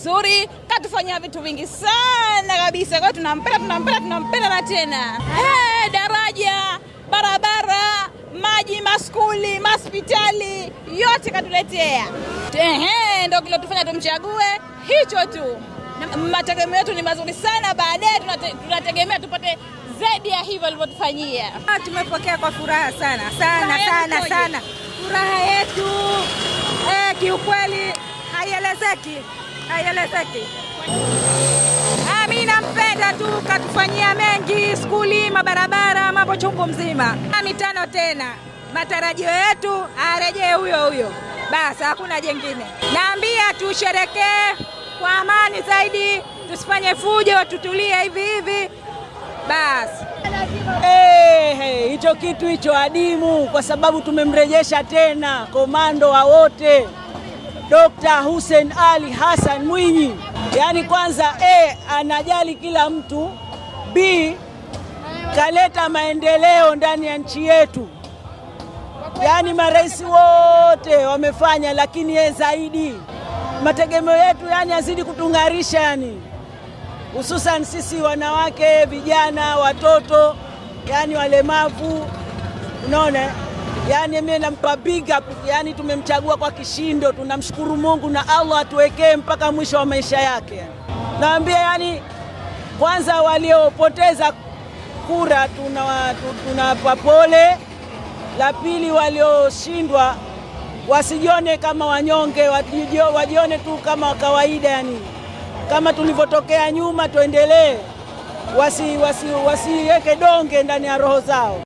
mzuri, katufanyia vitu vingi sana kabisa. Kwa hiyo tunampenda, tunampenda, tunampenda na tena hey, daraja, barabara, maji, maskuli, maspitali yote katuletea. Ehe, ndio tufanya tumchague hicho tu. Mategemeo yetu ni mazuri sana, baadaye tunategemea tupate zaidi ya hivyo alivyotufanyia. Ah, tumepokea kwa furaha sana sana sana sana, furaha yetu eh, kiukweli haielezeki haieleweki. mimi ah, nampenda tu, katufanyia mengi, skuli, mabarabara, mambo chungu mzima. Ah, Mitano tena, matarajio yetu arejee huyo huyo basi, hakuna jengine. Naambia tusherekee kwa amani zaidi, tusifanye fujo, tutulie hivi hivi basi. Hicho hey, hey, kitu hicho adimu, kwa sababu tumemrejesha tena komando wa wote. Dr. Hussein Ali Hassan Mwinyi. Yaani kwanza A anajali kila mtu, B kaleta maendeleo ndani ya nchi yetu. Yaani marais wote wamefanya, lakini yeye zaidi. Mategemeo yetu yani azidi kutung'arisha yani, hususan sisi wanawake, vijana, watoto, yani walemavu, unaona yani mimi nampa big up, yani tumemchagua kwa kishindo, tunamshukuru Mungu na Allah atuwekee mpaka mwisho wa maisha yake. Naambia yani, kwanza waliopoteza kura tunawapa pole, la pili walioshindwa wasijione kama wanyonge, wajione tu kama kawaida, yani kama tulivyotokea nyuma, tuendelee, wasiweke wasi donge ndani ya roho zao.